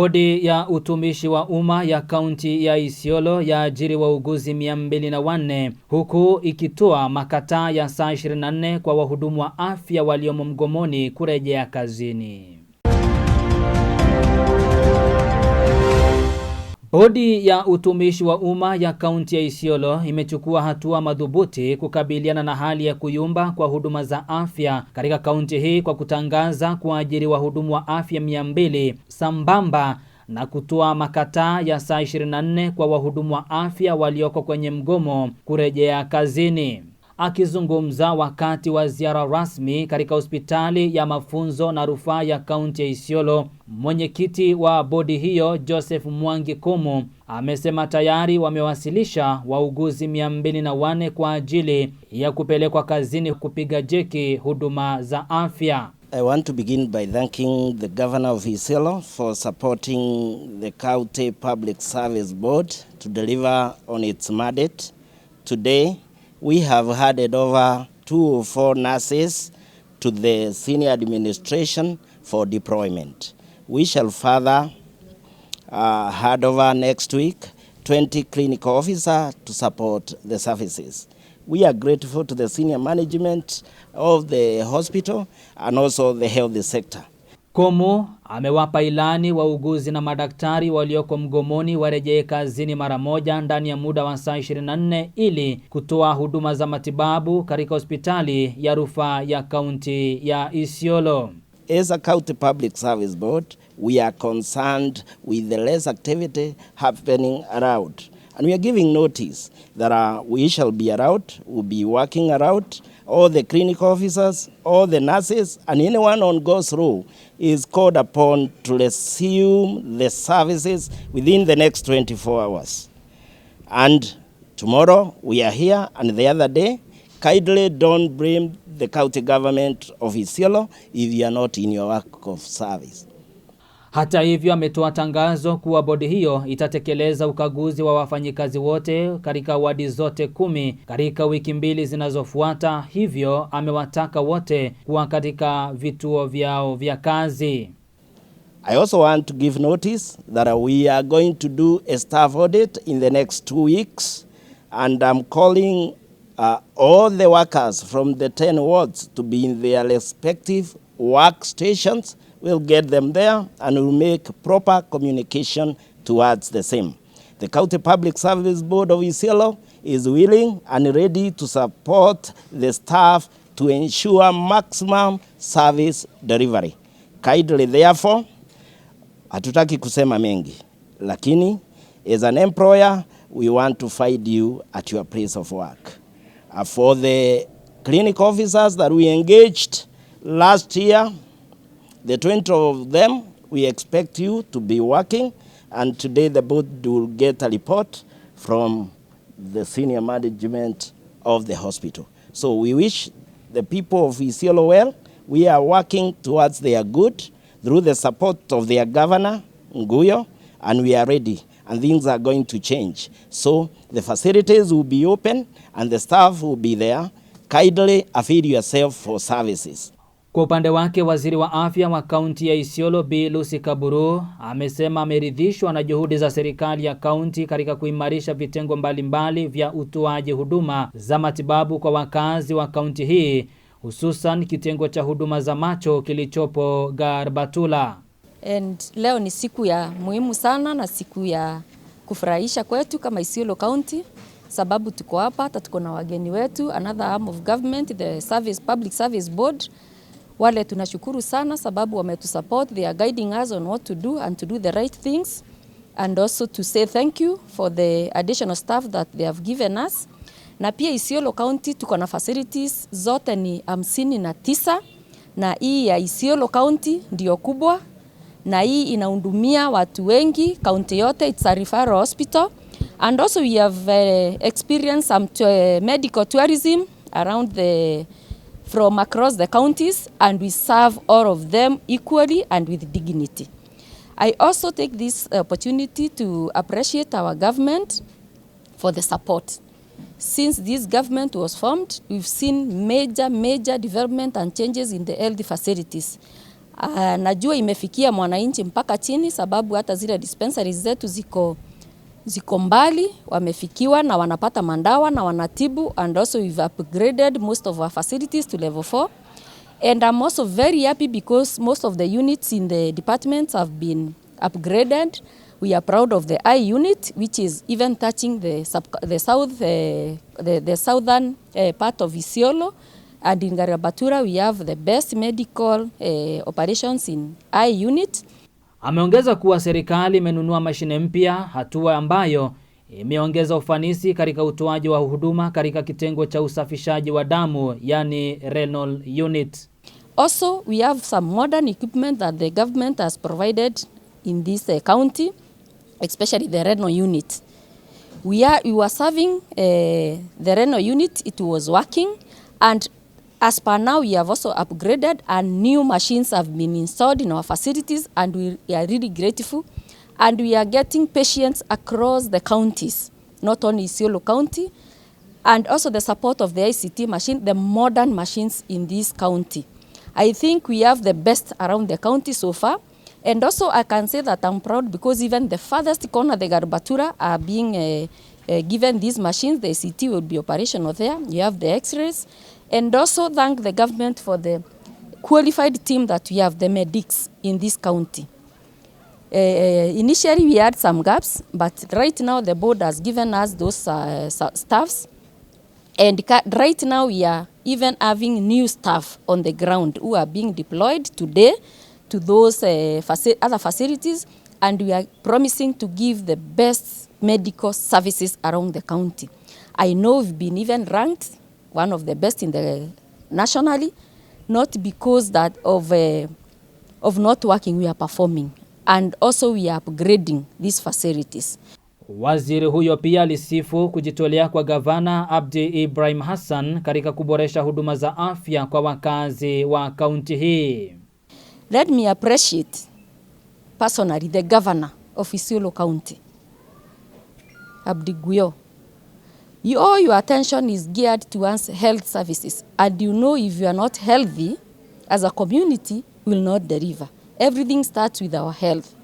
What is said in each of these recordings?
Bodi ya utumishi wa umma ya kaunti ya Isiolo ya ajiri wauguzi 204 huku ikitoa makataa ya saa 24 kwa wahudumu wa afya waliomo mgomoni kurejea kazini. Bodi ya utumishi wa umma ya kaunti ya Isiolo imechukua hatua madhubuti kukabiliana na hali ya kuyumba kwa huduma za afya katika kaunti hii kwa kutangaza kuajiri wahudumu wa afya 200 sambamba na kutoa makataa ya saa 24 kwa wahudumu wa afya walioko kwenye mgomo kurejea kazini. Akizungumza wakati wa ziara rasmi katika hospitali ya mafunzo na rufaa ya kaunti ya Isiolo, mwenyekiti wa bodi hiyo Joseph Mwangi Komu amesema tayari wamewasilisha wauguzi 204 kwa ajili ya kupelekwa kazini kupiga jeki huduma za afya. I want to begin by thanking the governor of Isiolo for supporting the county Public Service Board to deliver on its mandate today. We have handed over two or four nurses to the senior administration for deployment. We shall further uh, hand over next week 20 clinical officer to support the services. We are grateful to the senior management of the hospital and also the health sector. Komu amewapa ilani wauguzi na madaktari walioko mgomoni warejee kazini mara moja ndani ya muda wa saa 24 ili kutoa huduma za matibabu katika hospitali ya rufaa ya kaunti ya Isiolo. As a county public service board, we are concerned with the less activity happening around. And we are giving notice that uh, we shall be around, we'll be working around all the clinic officers, all the nurses, and anyone on goes through is called upon to resume the services within the next 24 hours. And tomorrow we are here and the other day, kindly don't blame the county government of Isiolo if you are not in your work of service. Hata hivyo ametoa tangazo kuwa bodi hiyo itatekeleza ukaguzi wa wafanyikazi wote katika wadi zote kumi katika wiki mbili zinazofuata, hivyo amewataka wote kuwa katika vituo vyao vya kazi. I also want to give notice that we are going to do a staff audit in the next two weeks and I'm calling uh, all the workers from the 10 wards to be in their respective workstations well get them there and will make proper communication towards the same. The County Public Service Board of Isiolo is willing and ready to support the staff to ensure maximum service delivery. Kindly therefore, hatutaki kusema mengi, lakini as an employer we want to find you at your place of work. Uh, for the clinic officers that we engaged last year The 20 of them, we expect you to be working and today the board will get a report from the senior management of the hospital. So we wish the people of Isiolo well. We are working towards their good through the support of their governor, Nguyo, and we are ready and things are going to change. So the facilities will be open and the staff will be there. Kindly avail yourself for services. Kwa upande wake waziri wa afya wa kaunti ya Isiolo Bi Lucy Kaburu amesema ameridhishwa na juhudi za serikali ya kaunti katika kuimarisha vitengo mbalimbali vya utoaji huduma za matibabu kwa wakazi wa kaunti hii hususan kitengo cha huduma za macho kilichopo Garbatula. And leo ni siku ya muhimu sana na siku ya kufurahisha kwetu kama Isiolo County sababu tuko hapa, hata tuko na wageni wetu another arm of government the service, public service board wale tunashukuru sana sababu wametusupport, they are guiding us on what to do and to do the right things and also to say thank you for the additional staff that they have given us. Na pia Isiolo County tuko na facilities zote ni hamsini na tisa na hii ya Isiolo County ndio kubwa na hii inahudumia watu wengi kaunti yote, it's a referral hospital and also we have uh, eh, experienced some eh, medical tourism around the from across the counties and we serve all of them equally and with dignity. I also take this opportunity to appreciate our government for the support. Since this government was formed, we've seen major, major development and changes in the health facilities. Uh, najua imefikia mwananchi mpaka chini sababu hata zile dispensaries zetu ziko ziko mbali, wamefikiwa na wanapata mandawa na wanatibu, and also we've upgraded most of our facilities to level 4 and I'm also very happy because most of the units in the departments have been upgraded. We are proud of the I unit which is even touching the, sub, the, south, uh, the, the southern uh, part of Isiolo and in Garabatura we have the best medical uh, operations in I unit Ameongeza kuwa serikali imenunua mashine mpya, hatua ambayo imeongeza ufanisi katika utoaji wa huduma katika kitengo cha usafishaji wa damu, yani renal unit. Also, we have some modern equipment that the government has provided in this uh, county, especially the renal unit. We, are, we were serving uh, the renal unit, it was working and As per now, we have also upgraded and new machines have been installed in our facilities and we are really grateful. And we are getting patients across the counties, not only Isiolo County, and also the support of the ICT machine, the modern machines in this county. I think we have the best around the county so far. And also I can say that I'm proud because even the farthest corner, the Garbatura, are being uh, uh, given these machines. The ICT will be operational there. You have the x-rays. and also thank the government for the qualified team that we have, the medics in this county. Uh, uh initially we had some gaps, but right now the board has given us those uh, staffs and right now we are even having new staff on the ground who are being deployed today to those uh, faci other facilities and we are promising to give the best medical services around the county. I know we've been even ranked one of the best in the nationally, not because that of, uh, of not working we are performing and also we are upgrading these facilities. Waziri huyo pia alisifu kujitolea kwa Gavana Abdi Ibrahim Hassan katika kuboresha huduma za afya kwa wakazi wa kaunti hii. Let me appreciate personally the governor of Isiolo County, Abdi Guyo All your attention is geared towards health services and you know if you are not healthy as a community will not deliver. Everything starts with our health.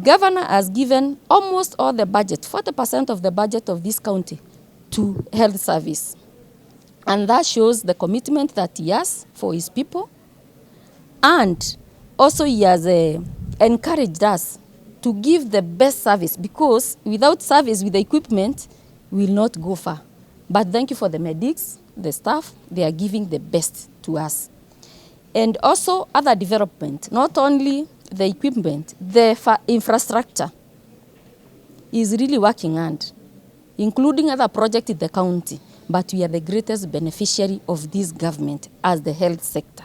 Governor has given almost all the budget, 40% of the budget of this county to health service. And that shows the commitment that he has for his people. And also he has uh, encouraged us to give the best service because without service, with the equipment, will not go far. But thank you for the medics, the staff, they are giving the best to us. And also other development, not only the equipment, the infrastructure is really working hard, including other projects in the county. But we are the greatest beneficiary of this government as the health sector.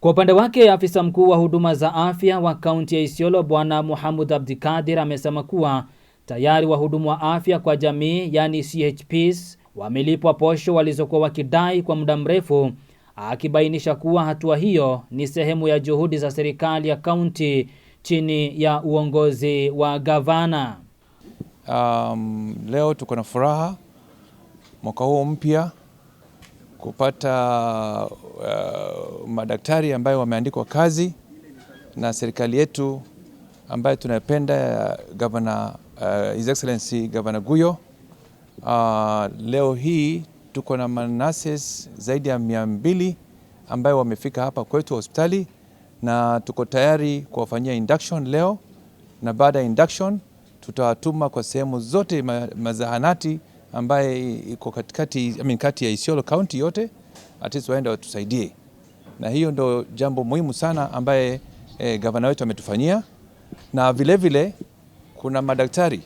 Kwa upande wake afisa mkuu wa huduma za afya wa kaunti ya Isiolo Bwana Muhammad Abdikadir amesema kuwa Tayari wahudumu wa afya kwa jamii yani CHPs wamelipwa posho walizokuwa wakidai kwa muda mrefu, akibainisha kuwa hatua hiyo ni sehemu ya juhudi za serikali ya kaunti chini ya uongozi wa gavana. Um, leo tuko na furaha mwaka huu mpya kupata uh, madaktari ambayo wameandikwa kazi na serikali yetu ambayo tunapenda ya gavana uh, His Excellency Governor Guyo. Uh, leo hii tuko na manases zaidi ya mia mbili ambayo wamefika hapa kwetu hospitali na tuko tayari kuwafanyia induction leo, na baada ya induction tutawatuma kwa sehemu zote ma mazahanati ambaye iko katikati, I mean, kati ya Isiolo County yote at least waende watusaidie, na hiyo ndo jambo muhimu sana ambaye eh, gavana wetu ametufanyia na vilevile vile, kuna madaktari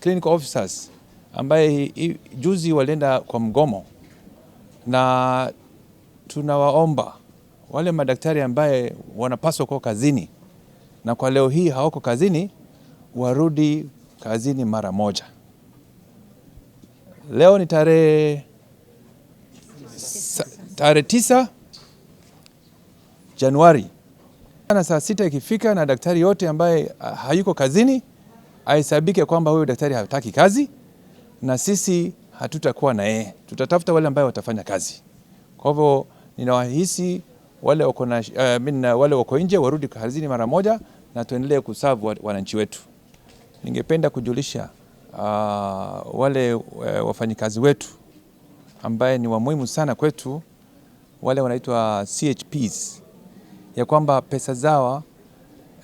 clinical officers ambaye juzi walienda kwa mgomo, na tunawaomba wale madaktari ambaye wanapaswa kuwa kazini na kwa leo hii hawako kazini warudi kazini mara moja. Leo ni tarehe tarehe tisa Januari na saa sita ikifika na daktari yote ambaye hayuko kazini ahesabike kwamba huyo daktari hataki kazi na sisi hatutakuwa na yeye, tutatafuta wale ambao watafanya kazi. Kwa hivyo ninawahisi wale wako na uh, na wale wako nje warudi kazini mara moja na tuendelee kusavu wananchi wetu. Ningependa kujulisha uh, wale uh, wafanyikazi wetu ambaye ni wa muhimu sana kwetu, wale wanaitwa CHPs ya kwamba pesa zao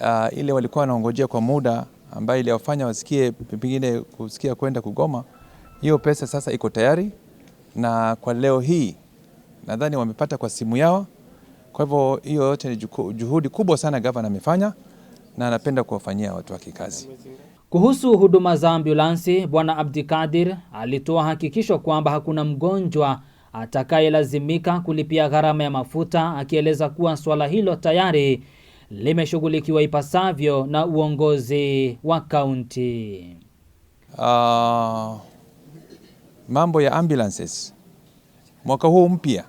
uh, ile walikuwa wanaongojea kwa muda ambayo iliwafanya wasikie pengine kusikia kwenda kugoma, hiyo pesa sasa iko tayari, na kwa leo hii nadhani wamepata kwa simu yao. Kwa hivyo hiyo yote ni juhudi kubwa sana gavana amefanya, na anapenda kuwafanyia watu wake kazi. Kuhusu huduma za ambulansi, Bwana Abdikadir alitoa hakikisho kwamba hakuna mgonjwa atakayelazimika kulipia gharama ya mafuta, akieleza kuwa swala hilo tayari limeshughulikiwa ipasavyo na uongozi wa kaunti. Uh, mambo ya ambulances mwaka huu mpya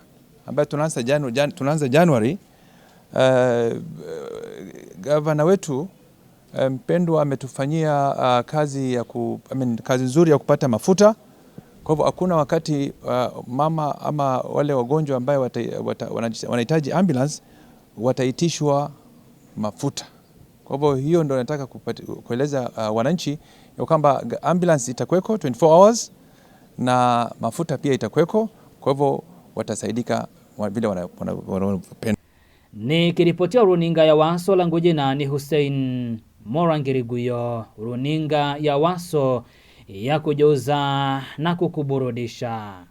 ambayo tunaanza janu, jan, tunaanza Januari. Uh, eh, gavana wetu eh, mpendwa ametufanyia uh, kazi ya ku, I mean, kazi nzuri ya kupata mafuta. Kwa hivyo hakuna wakati uh, mama ama wale wagonjwa ambao wanahitaji ambulance wataitishwa mafuta. Kwa hivyo hiyo ndio nataka kueleza uh, wananchi ya kwamba ambulance itakuweko 24 hours na mafuta pia itakuweko, kwa hivyo watasaidika vile wanavyopenda. kiripotia runinga ya Waso langoje na ni Hussein Morangiriguyo, runinga ya Waso ya kujuza na kukuburudisha.